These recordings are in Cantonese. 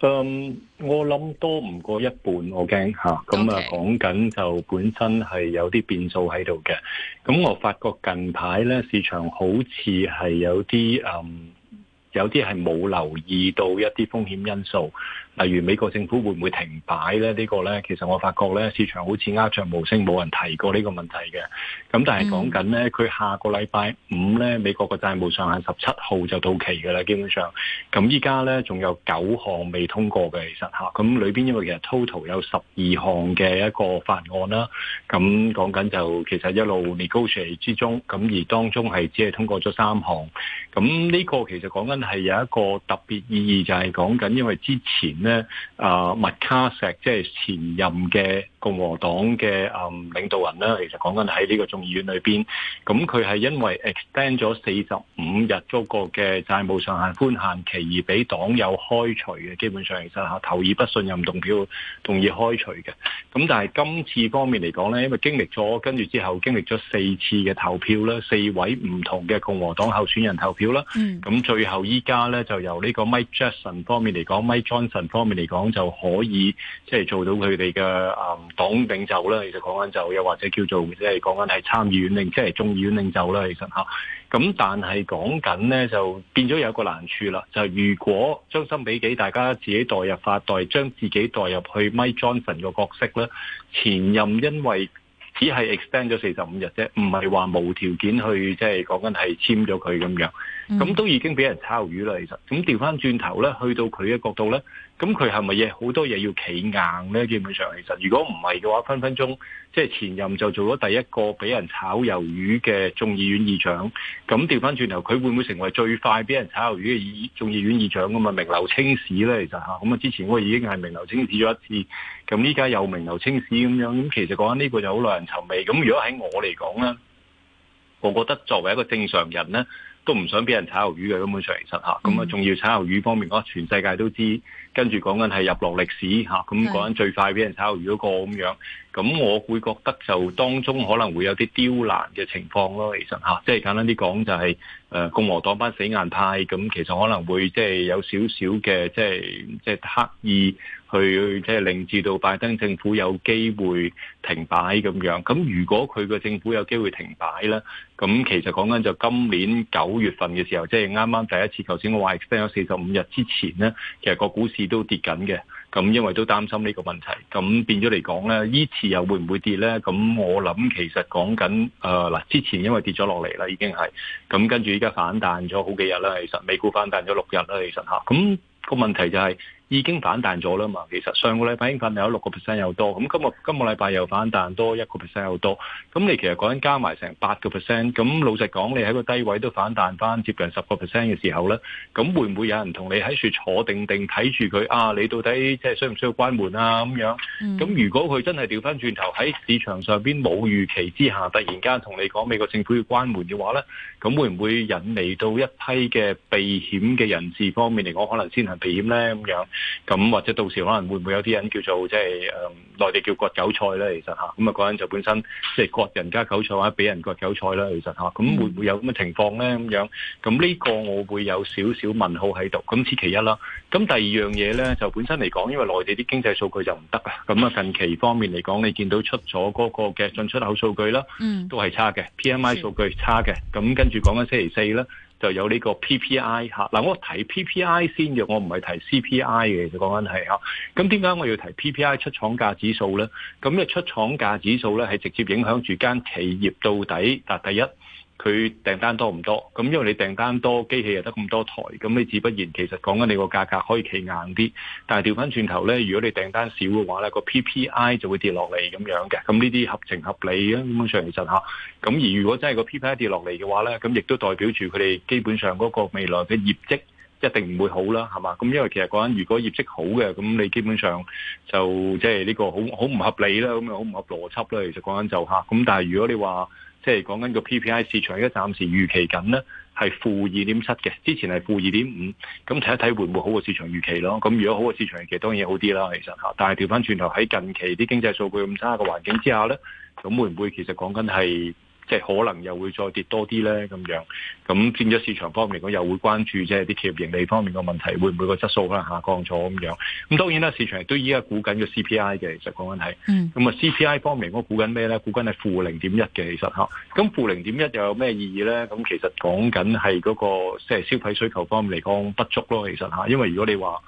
Um, 我諗多唔過一半，我驚吓，咁啊講緊就本身係有啲變數喺度嘅。咁、嗯 Okay. 嗯、我發覺近排咧，市場好似係有啲、嗯、有啲係冇留意到一啲風險因素。例如美國政府會唔會停擺咧？這個、呢個咧，其實我發覺咧，市場好似鴉雀無聲，冇人提過呢個問題嘅。咁但係講緊咧，佢下個禮拜五咧，美國個債務上限十七號就到期㗎啦，基本上。咁依家咧仲有九項未通過嘅，其實嚇。咁裏邊因為其實 total 有十二項嘅一個法案啦。咁講緊就其實一路 negotiate 之中，咁而當中係只係通過咗三項。咁呢個其實講緊係有一個特別意義，就係講緊因為之前。咧啊，麥卡錫即係前任嘅。共和黨嘅誒領導人咧，其實講緊喺呢個眾議院裏邊，咁佢係因為 extend 咗四十五日嗰個嘅債務上限寬限期而俾黨友開除嘅，基本上其實嚇投以不信任動票，同意開除嘅。咁但係今次方面嚟講咧，因為經歷咗跟住之後經歷咗四次嘅投票啦，四位唔同嘅共和黨候選人投票啦，咁、嗯、最後依家咧就由呢個 Mike, Jackson 方面嚟講，Mike Johnson 方面嚟講，Mike Johnson 方面嚟講就可以即係、就是、做到佢哋嘅誒。嗯黨領袖啦，其實講緊就又或者叫做即係講緊係參議院領，即、就、係、是、眾議院領袖啦，其實吓，咁但係講緊呢，就變咗有一個難處啦，就係如果將心比己，大家自己代入法代，將自己代入去 Mike Johnson 個角色呢。前任因為只係 extend 咗四十五日啫，唔係話無條件去即係講緊係簽咗佢咁樣。咁、嗯、都已經俾人炒魷魚啦，其實咁調翻轉頭咧，去到佢嘅角度咧，咁佢係咪嘢好多嘢要企硬咧？基本上其實，如果唔係嘅話，分分鐘即係前任就做咗第一個俾人炒魷魚嘅眾議院議長。咁調翻轉頭，佢會唔會成為最快俾人炒魷魚嘅議眾議院議長咁啊？名留青史咧，其實咁啊！之前我已經係名留青史咗一次，咁依家又名留青史咁樣。咁其實講緊呢個就好耐人尋味。咁如果喺我嚟講咧，我覺得作為一個正常人咧。都唔想俾人炒魷魚嘅根本上，其實嚇，咁啊，仲要炒魷魚方面，我全世界都知，跟住講緊係入落歷史嚇，咁講緊最快俾人炒魷魚個咁樣。咁我會覺得就當中可能會有啲刁難嘅情況咯，其實吓，即係簡單啲講、就是，就係誒共和黨班死硬派，咁其實可能會即係有少少嘅即係即係刻意去即係令至到拜登政府有機會停擺咁樣。咁如果佢個政府有機會停擺咧，咁其實講緊就今年九月份嘅時候，即係啱啱第一次頭先我話，extend 咗四十五日之前咧，其實個股市都跌緊嘅。咁因為都擔心呢個問題，咁變咗嚟講呢，依次又會唔會跌呢？咁我諗其實講緊誒嗱，之前因為跌咗落嚟啦，已經係咁，跟住依家反彈咗好幾日啦，其實美股反彈咗六日啦，其實下，咁個問題就係。已經反彈咗啦嘛，其實上個禮拜興奮有六個 percent 又多，咁今日今個禮拜又反彈多一個 percent 又多，咁你其實講緊加埋成八個 percent，咁老實講，你喺個低位都反彈翻接近十個 percent 嘅時候咧，咁會唔會有人同你喺度坐定定睇住佢啊？你到底即係需唔需要關門啊？咁樣，咁、嗯、如果佢真係調翻轉頭喺市場上邊冇預期之下，突然間同你講美國政府要關門嘅話咧，咁會唔會引嚟到一批嘅避險嘅人士方面嚟講，可能先行避險咧咁樣？咁或者到時可能會唔會有啲人叫做即係誒內地叫割韭菜咧，其實吓咁嗰人就本身即係割人家韭菜或者俾人割韭菜啦，其實吓咁會唔會有咁嘅情況咧？咁樣咁呢個我會有少少問號喺度，咁此其一啦。咁第二樣嘢咧就本身嚟講，因為內地啲經濟數據就唔得。咁啊近期方面嚟講，你見到出咗嗰個嘅進出口數據啦，嗯，都係差嘅，PMI 數據差嘅。咁跟住講緊星期四啦。就有呢個 PPI 嚇嗱我提 PPI 先嘅，我唔係提,提 CPI 嘅，就講緊係嚇。咁點解我要提 PPI 出廠價指數咧？咁嘅出廠價指數咧，係直接影響住間企業到底。嗱第一。佢訂單多唔多？咁因為你訂單多，機器又得咁多台，咁你自不然其實講緊你個價格可以企硬啲。但係調翻轉頭呢，如果你訂單少嘅話呢，個 PPI 就會跌落嚟咁樣嘅。咁呢啲合情合理啊，咁樣其實下，咁而如果真係個 PPI 跌落嚟嘅話呢，咁亦都代表住佢哋基本上嗰個未來嘅業績一定唔會好啦，係嘛？咁因為其實講緊如果業績好嘅，咁你基本上就即係呢個好好唔合理啦，咁樣好唔合邏輯啦。其實講緊就嚇。咁但係如果你話，即係講緊個 PPI 市場而家暫時預期緊咧係負二點七嘅，之前係負二點五，咁睇一睇會唔會好過市場預期咯？咁如果好過市場預期，當然好啲啦。其實吓，但係調返轉頭喺近期啲經濟數據咁差嘅環境之下咧，咁會唔會其實講緊係？即係可能又會再跌多啲咧咁樣，咁變咗市場方面我又會關注即係啲企業盈利方面嘅問題，會唔會個質素可能下降咗咁樣？咁當然啦，市場都依家估緊個 CPI 嘅，其實講緊係，咁啊 CPI 方面我估緊咩咧？估緊係負零點一嘅，其實嚇。咁負零點一又有咩意義咧？咁其實講緊係嗰個即係消費需求方面嚟講不足咯，其實嚇。因為如果你話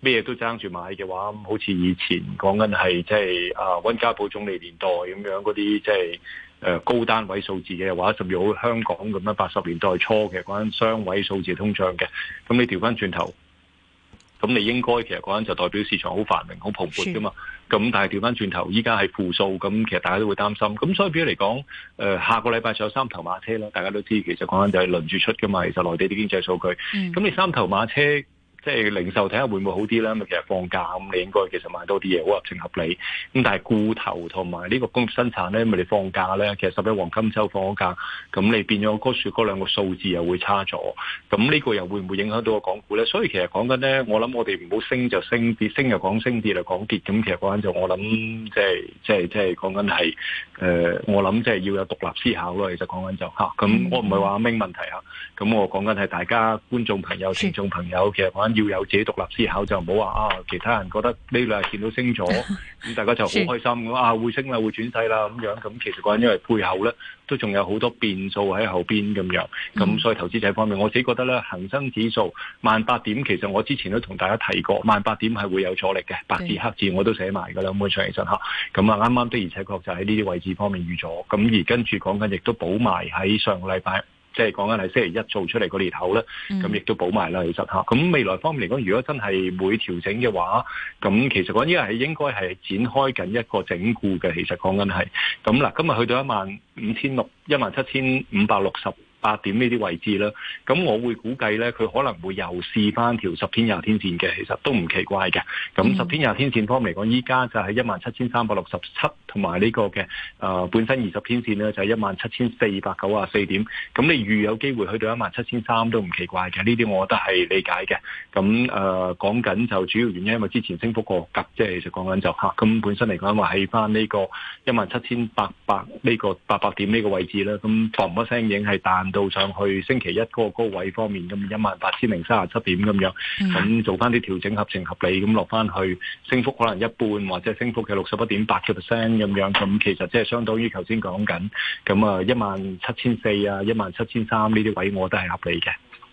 咩都爭住買嘅話，好似以前講緊係即係啊温家寶總理年代咁樣嗰啲即係。誒高單位數字嘅話，或者甚至好香港咁樣八十年代初嘅嗰陣雙位數字通脹嘅，咁你調翻轉頭，咁你應該其實嗰陣就代表市場好繁榮、好蓬勃噶嘛。咁是但係調翻轉頭，依家係負數，咁其實大家都會擔心。咁所以比，比如嚟講，誒下個禮拜仲有三頭馬車啦。大家都知，其實講緊就係輪住出噶嘛。其實內地啲經濟數據，咁、嗯、你三頭馬車。即係零售睇下會唔會好啲啦？咁其實放假咁，你應該其實買多啲嘢，好合情合理。咁但係固投同埋呢個工業生產咧，咪你放假咧，其實十一黃金週放個假，咁你變咗嗰樹嗰兩個數字又會差咗。咁呢個又會唔會影響到個港股咧？所以其實講緊咧，我諗我哋唔好升就升跌，升又講升跌嚟講跌。咁其實講緊就我諗，即係即係即係講緊係，誒、呃，我諗即係要有獨立思考啦。其實講緊就吓、是，咁、啊、我唔係話咩問題嚇。咁我講緊係大家是觀眾朋友、聽眾朋友，其實講緊。要有自己獨立思考，就唔好話啊！其他人覺得呢兩日見到升咗，咁 大家就好開心咁 啊！會升啦，會轉勢啦咁樣，咁其實講緊因為背後咧都仲有好多變數喺後邊咁樣，咁所以投資者方面，我自己覺得咧，恒生指數萬八點，其實我之前都同大家提過，萬八點係會有阻力嘅，的白字黑字我都寫埋㗎啦，咁佢唱期身嚇，咁啊啱啱的而且確就喺呢啲位置方面預咗，咁而跟住講緊亦都補埋喺上個禮拜。即係講緊係星期一做出嚟個裂口啦，咁亦都補埋啦。其實嚇，咁未來方面嚟講，如果真係會調整嘅話，咁其實講呢個係應該係展開緊一個整固嘅。其實講緊係咁啦，今日去到一萬五千六，一萬七千五百六十八點呢啲位置啦，咁我會估計呢，佢可能會又試翻條十天廿天線嘅，其實都唔奇怪嘅。咁十天廿天線方面嚟講，依家就係一萬七千三百六十七，同埋呢個嘅誒本身二十天線呢，就係一萬七千四百九十四點。咁你預有機會去到一萬七千三都唔奇怪嘅，呢啲我覺得係理解嘅。咁誒、呃、講緊就主要原因，因為之前升幅過急，即係其實就講緊就吓。咁本身嚟講話起翻呢個一萬七千八百呢個八百點呢個位置啦。咁發唔出聲影係彈。到上去星期一嗰個高位方面，咁一萬八千零三十七點咁樣，咁做翻啲調整合情合理，咁落翻去，升幅可能一半或者升幅嘅六十一點八嘅 percent 咁樣，咁其實即係相當於頭先講緊，咁啊一萬七千四啊一萬七千三呢啲位我都係合理嘅。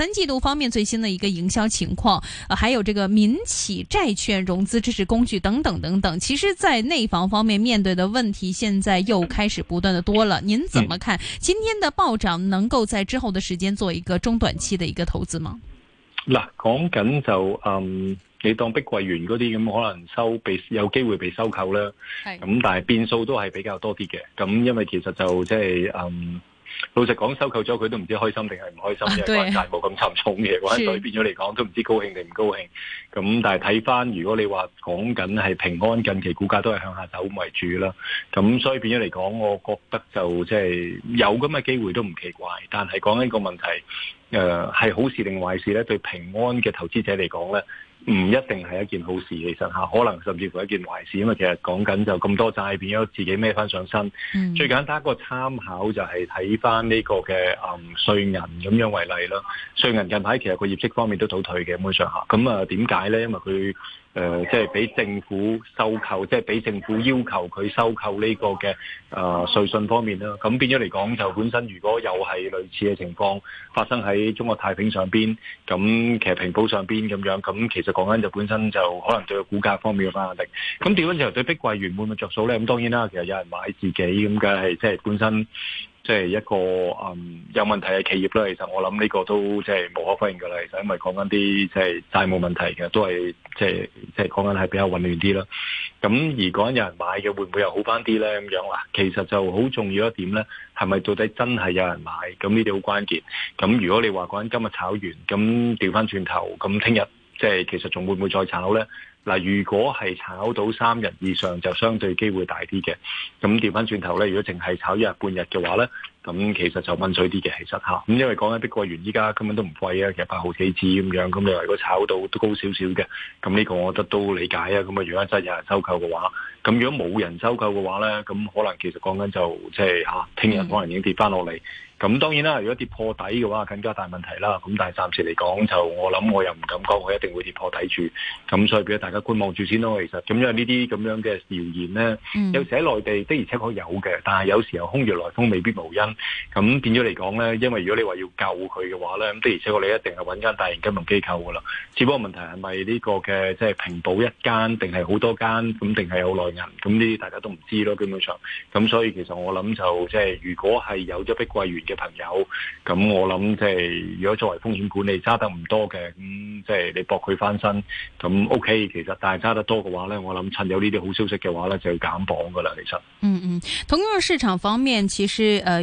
三季度方面最新的一個營銷情況，啊、還有這個民企債券融資支持工具等等等等。其實，在內房方面面對的問題，現在又開始不斷的多了。您怎麼看今天的暴漲，能夠在之後的時間做一個中短期的一個投資嗎？嗱，講緊就嗯，你當碧桂園嗰啲咁，可能收被有機會被收購啦。係的。咁，但係變數都係比較多啲嘅。咁，因為其實就即係嗯。老實講，收購咗佢都唔知開心定係唔開心嘅，個代價冇咁沉重嘅，我喺度變咗嚟講都唔知高興定唔高興。咁、嗯、但係睇翻，如果你話講緊係平安近期股價都係向下走為主啦，咁、嗯、所以變咗嚟講，我覺得就即係有咁嘅機會都唔奇怪。但係講緊個問題，誒、呃、係好事定壞事咧？對平安嘅投資者嚟講咧？唔一定係一件好事，其實嚇，可能甚至乎一件壞事，因為其實講緊就咁多債變咗自己孭翻上身。嗯、最簡單一個參考就係睇翻呢個嘅嗯稅銀瑞銀咁樣為例啦。瑞銀近排其實個業績方面都倒退嘅咁上下。咁啊點解咧？因為佢。誒、呃，即係俾政府收購，即係俾政府要求佢收購呢個嘅啊，瑞、呃、信方面啦。咁變咗嚟講，就本身如果有係類似嘅情況發生喺中國太平上邊，咁其實平保上邊咁樣，咁其實講緊就本身就可能對個股價方面嘅壓力。咁跌嘅時候對碧桂園會唔會著數咧？咁當然啦，其實有人買自己咁梗係即係本身。即係一個嗯有問題嘅企業啦，其實我諗呢個都即係無可否認噶啦，其實因為講緊啲即係債務問題嘅，都係即係即係講緊係比較混亂啲啦。咁如果有人買嘅，會唔會又好翻啲咧？咁樣啦，其實就好重要一點咧，係咪到底真係有人買？咁呢啲好關鍵。咁如果你話講緊今日炒完，咁調翻轉頭，咁聽日即係其實仲會唔會再炒咧？嗱，如果係炒到三日以上，就相對機會大啲嘅。咁調翻轉頭咧，如果淨係炒一日半日嘅話咧。咁其實就溫水啲嘅，其實嚇咁，因為講緊碧桂園依家根本都唔貴啊，其實八毫幾紙咁樣，咁你話如果炒到高少少嘅，咁呢個我覺得都理解啊。咁啊，如果真係有人收購嘅話，咁如果冇人收購嘅話咧，咁可能其實講緊就即係嚇，聽日可能已經跌翻落嚟。咁、嗯、當然啦，如果跌破底嘅話，更加大問題啦。咁但係暫時嚟講，就我諗我又唔敢講，我一定會跌破底住。咁所以俾大家觀望住先咯。其實咁樣呢啲咁樣嘅謠言咧，嗯、有時喺內地的而且確有嘅，但係有時候空穴來風，未必無因。咁變咗嚟講咧，因為如果你話要救佢嘅話咧，咁的而且確你一定係揾間大型金融機構噶啦。只不過問題係咪呢個嘅即係平保一間，定係好多間？咁定係有內銀，咁呢啲大家都唔知咯，基本上。咁所以其實我諗就即係如果係有咗碧桂園嘅朋友，咁我諗即係如果作為風險管理揸得唔多嘅，咁即係你博佢翻身，咁 O K。其實但係揸得多嘅話咧，我諗趁有呢啲好消息嘅話咧，就要減磅噶啦。其實。嗯嗯，同樣市場方面，其實誒，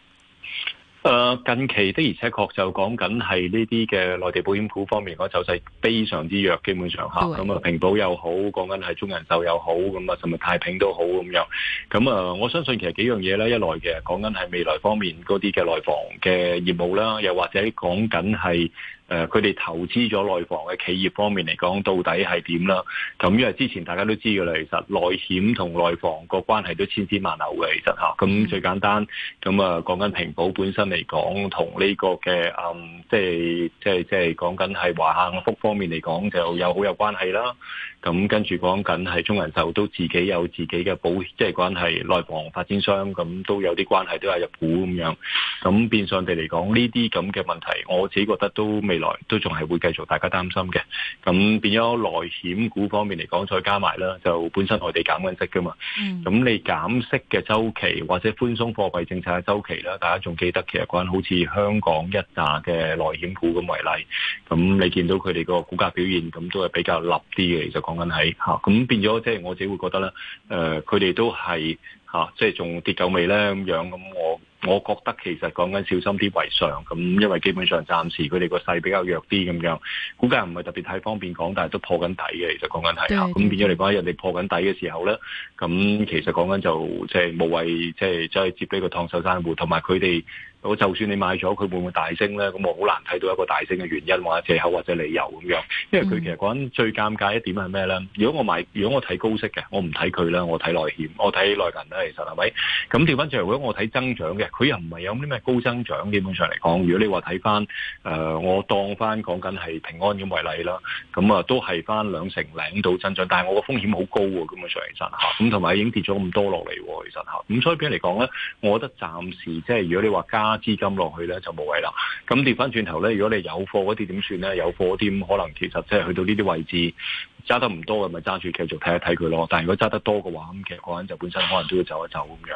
誒，uh, 近期的而且確就講緊係呢啲嘅內地保險股方面嗰走勢非常之弱，基本上吓，咁啊 Okay. 平保又好，講緊係中國人壽又好，咁啊甚至太平都好咁樣，咁啊我相信其實幾樣嘢咧，一來嘅講緊係未來方面嗰啲嘅內房嘅業務啦，又或者講緊係。誒佢哋投資咗內房嘅企業方面嚟講，到底係點啦？咁因為之前大家都知嘅啦，其實內險同內房個關係都千絲萬縷嘅，其實嚇。咁、嗯、最簡單咁啊，講緊平保本身嚟講，同呢個嘅即係即係即係講緊係話幸福方面嚟講，就有好有關係啦。咁跟住講緊係中人壽就都自己有自己嘅保險，即、就、係、是、關係內房發展商，咁都有啲關係都係入股咁樣。咁變相地嚟講，呢啲咁嘅問題，我自己覺得都未。來都仲係會繼續大家擔心嘅。咁變咗內險股方面嚟講，再加埋啦，就本身我哋減緊息噶嘛，咁、嗯、你減息嘅周期或者寬鬆貨幣政策嘅周期啦，大家仲記得其實講緊好似香港一紮嘅內險股咁為例，咁你見到佢哋個股價表現，咁都係比較立啲嘅，其實講緊喺，咁變咗即係我自己會覺得咧，誒、呃，佢哋都係吓，即係仲跌夠未咧咁樣，咁我。我覺得其實講緊小心啲為上，咁因為基本上暫時佢哋個勢比較弱啲咁樣，估計唔係特別太方便講，但係都破緊底嘅。其實講緊係啊，咁變咗嚟講，喺人哋破緊底嘅時候咧，咁其實講緊就即係、就是、無謂，即係走去接呢個燙手山芋同埋佢哋。我就算你買咗，佢會唔會大升咧？咁我好難睇到一個大升嘅原因或者借口或者理由咁樣，因為佢其實講最尷尬一點係咩咧？如果我買，如果我睇高息嘅，我唔睇佢啦，我睇內險，我睇內銀啦，其實係咪？咁調翻轉，如果我睇增長嘅，佢又唔係有啲咩高增長，基本上嚟講，如果你話睇翻誒，我當翻講緊係平安咁為例啦，咁啊都係翻兩成零度增長，但係我個風險好高喎，咁樣上嚟身嚇，咁同埋已經跌咗咁多落嚟喎，其實嚇，咁所以嚟講咧，我覺得暫時即係如果你話加。揸資金落去咧就冇謂啦。咁跌翻轉頭咧，如果你有貨嗰啲點算咧？有貨嗰啲咁可能其實即係去到呢啲位置揸得唔多嘅，咪揸住繼續睇一睇佢咯。但係如果揸得多嘅話，咁其實個人就本身可能都要走一走咁樣。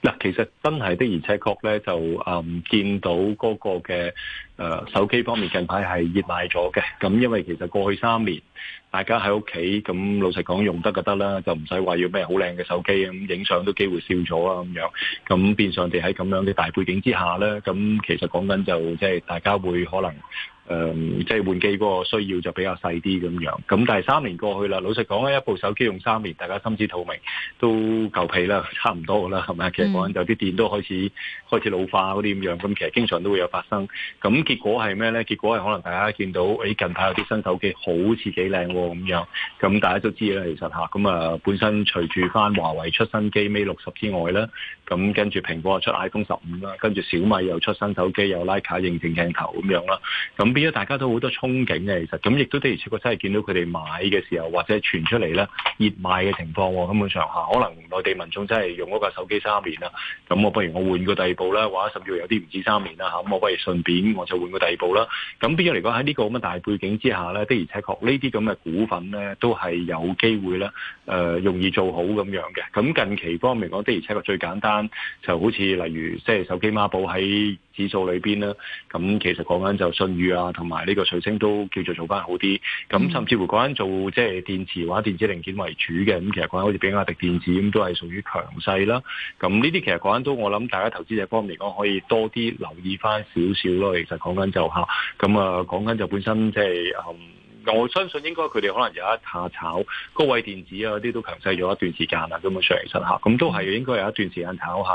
嗱，其實真係的，而且確咧就誒唔見到嗰個嘅誒手機方面近排係熱賣咗嘅。咁因為其實過去三年大家喺屋企咁，老實講用得就得啦，就唔使話要咩好靚嘅手機咁，影相都機會少咗啊咁樣。咁變相地喺咁樣嘅大背景之下咧，咁其實講緊就即係大家會可能。誒、嗯，即係換機嗰個需要就比較細啲咁樣，咁但係三年過去啦，老實講咧，一部手機用三年，大家心知肚明都夠皮啦，差唔多㗎啦，係咪？嗯、其實講緊就啲電都開始開始老化嗰啲咁樣，咁其實經常都會有發生。咁結果係咩咧？結果係可能大家見到誒、欸、近排有啲新手機好似幾靚喎咁樣，咁大家都知啦，其實吓。咁啊，本身隨住翻華為出新機 Mate 六十之外啦。咁跟住蘋果又出 iPhone 十五啦，跟住小米又出新手機又徠卡認證鏡頭咁樣啦，咁。變咗大家都好多憧憬嘅，其實咁亦都得而的而且確真係見到佢哋買嘅時候，或者傳出嚟咧熱賣嘅情況，基本上吓，可能內地民眾真係用嗰個手機三年啦，咁我不如我換個第二部啦，或者甚至有啲唔止三年啦吓，咁我不如順便我就換個第二部啦。咁變咗嚟講喺呢個咁嘅大背景之下咧，的而且確呢啲咁嘅股份咧都係有機會咧，誒容易做好咁樣嘅。咁近期方面講，的而且確最簡單就好似例如即係手機孖寶喺，指數裏邊咧，咁其實講緊就信譽啊，同埋呢個水星都叫做做翻好啲。咁甚至乎講緊做即係電池或者電子零件為主嘅，咁其實講緊好似比亞迪電子咁，都係屬於強勢啦。咁呢啲其實講緊都我諗，大家投資者方面嚟講，可以多啲留意翻少少咯。其實講緊就下、是，咁啊講緊就本身即、就、係、是嗯我相信應該佢哋可能有一下炒高位電子啊嗰啲都強勢咗一段時間啦，咁樣上嚟實下，咁都係應該有一段時間炒下。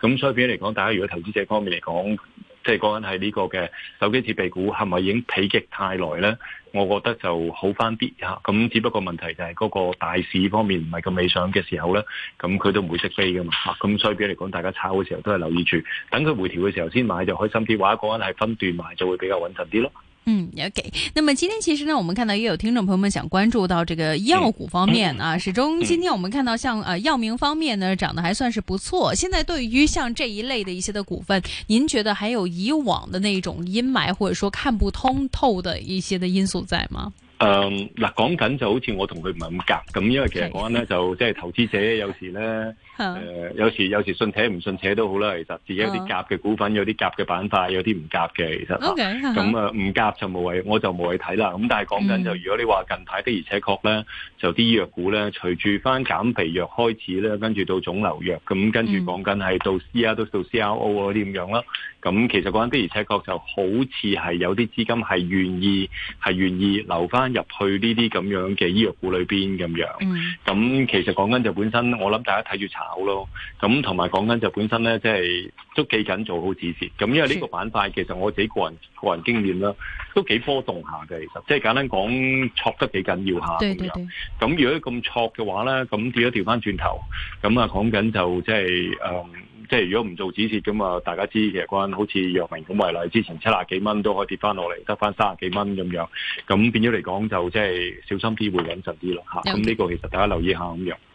咁所以俾嚟講，大家如果投資者方面嚟講，即係講緊係呢個嘅手機設備股係咪已經否極泰來咧？我覺得就好翻啲嚇。咁只不過問題就係嗰個大市方面唔係咁理想嘅時候咧，咁佢都唔會識飛噶嘛嚇。咁所以俾嚟講，大家炒嘅時候都係留意住，等佢回調嘅時候先買就開心啲。或者講緊係分段買就會比較穩陣啲咯。嗯，也、okay、給。那麼今天其實呢，我們看到也有聽眾朋友們想關注到這個藥股方面啊。嗯、始終今天我們看到像呃、嗯、藥明方面呢漲得還算是不錯。現在對於像這一類的一些的股份，您覺得還有以往的那種陰霾或者說看不通透的一些的因素在嗎？嗯，嗱，講緊就好似我同佢唔係咁夾咁，因為其實講呢，是就即係投資者有時呢。誒、 呃、有時有時信扯唔信扯都好啦，其實自己有啲夾嘅股份，有啲夾嘅板塊，有啲唔夾嘅其實，咁 Okay. 啊唔夾就冇謂，我就冇謂睇啦。咁但係講緊就，如果你話近排的而且確咧，就啲醫藥股咧，隨住翻減肥藥開始咧，跟住到腫瘤藥，咁跟住講緊係到 C R 到 C R O 嗰啲咁樣啦。咁、嗯嗯、其實講緊的而且確就好似係有啲資金係願意係願意留翻入去呢啲咁樣嘅醫藥股裏邊咁樣。咁、嗯嗯、其實講緊就本身，我諗大家睇住查。咯，咁同埋講緊就本身咧，即係都記緊做好止蝕。咁因為呢個板塊其實我自己個人個人經驗啦，都幾波動下嘅，其實即係簡單講，錯得幾緊要下咁樣。咁如果咁錯嘅話咧，咁變咗調翻轉頭，咁啊講緊就即係誒，即係如果唔做止蝕咁啊，大家知其實講好似藥明咁為例，之前七十幾蚊都可以跌翻落嚟，得翻三十幾蚊咁樣。咁變咗嚟講就即係小心啲，會穩陣啲咯嚇。咁呢個其實大家留意下咁樣。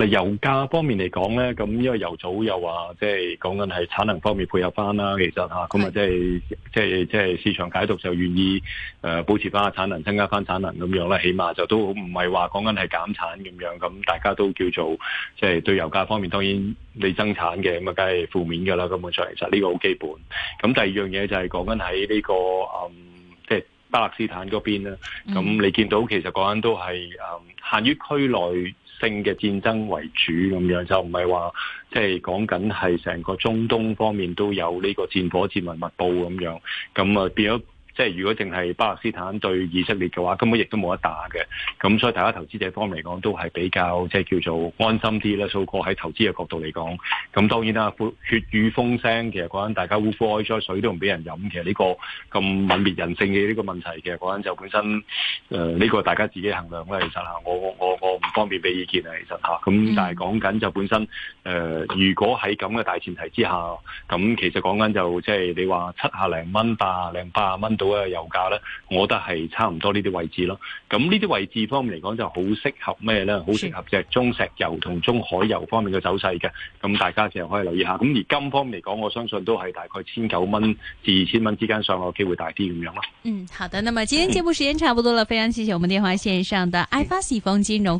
嗱，油價方面嚟講咧，咁因為油組又話，即係講緊係產能方面配合翻啦，其實咁啊，即係即係即係市場解讀就願意誒保持翻產能，增加翻產能咁樣啦。起碼就都唔係話講緊係減產咁樣，咁大家都叫做即係、就是、對油價方面，當然你增產嘅，咁啊，梗係負面噶啦，根本上其實呢個好基本。咁第二樣嘢就係講緊喺呢個誒，即、嗯、係、就是、巴勒斯坦嗰邊啦，咁、嗯、你見到其實講緊都係誒限於區內。性嘅戰爭為主咁樣，就唔係話即係講緊係成個中東方面都有呢個戰火戰雲密布咁樣，咁啊變咗即係如果淨係巴勒斯坦對以色列嘅話，根本亦都冇得打嘅。咁所以大家投資者方面嚟講，都係比較即係叫做安心啲啦。數個喺投資嘅角度嚟講，咁當然啦，血雨風聲其實講緊大家嗚呼，呼哀哉水都唔俾人飲。其實呢個咁泯滅人性嘅呢個問題，其實講緊就本身誒呢、呃呢個大家自己衡量啦。其實我我我。我我我唔方便俾意見啊，其實嚇，咁、啊、但係講緊就本身，誒、呃，如果喺咁嘅大前提之下，咁、嗯嗯、其實講緊就即係你話七啊零蚊、八零八啊蚊到嘅油價咧，我覺得係差唔多呢啲位置咯。咁呢啲位置方面嚟講，很適就好適合咩咧？好適合即係中石油同中海油方面嘅走勢嘅。咁是大家成日可以留意下。咁而金方面嚟講，我相信都係大概千九蚊至二千蚊之間上落機會大啲咁樣咯。嗯，好的。那麼今日節目時間差唔多喇，嗯、非常謝謝我們電話線上的 iFasi 方金融。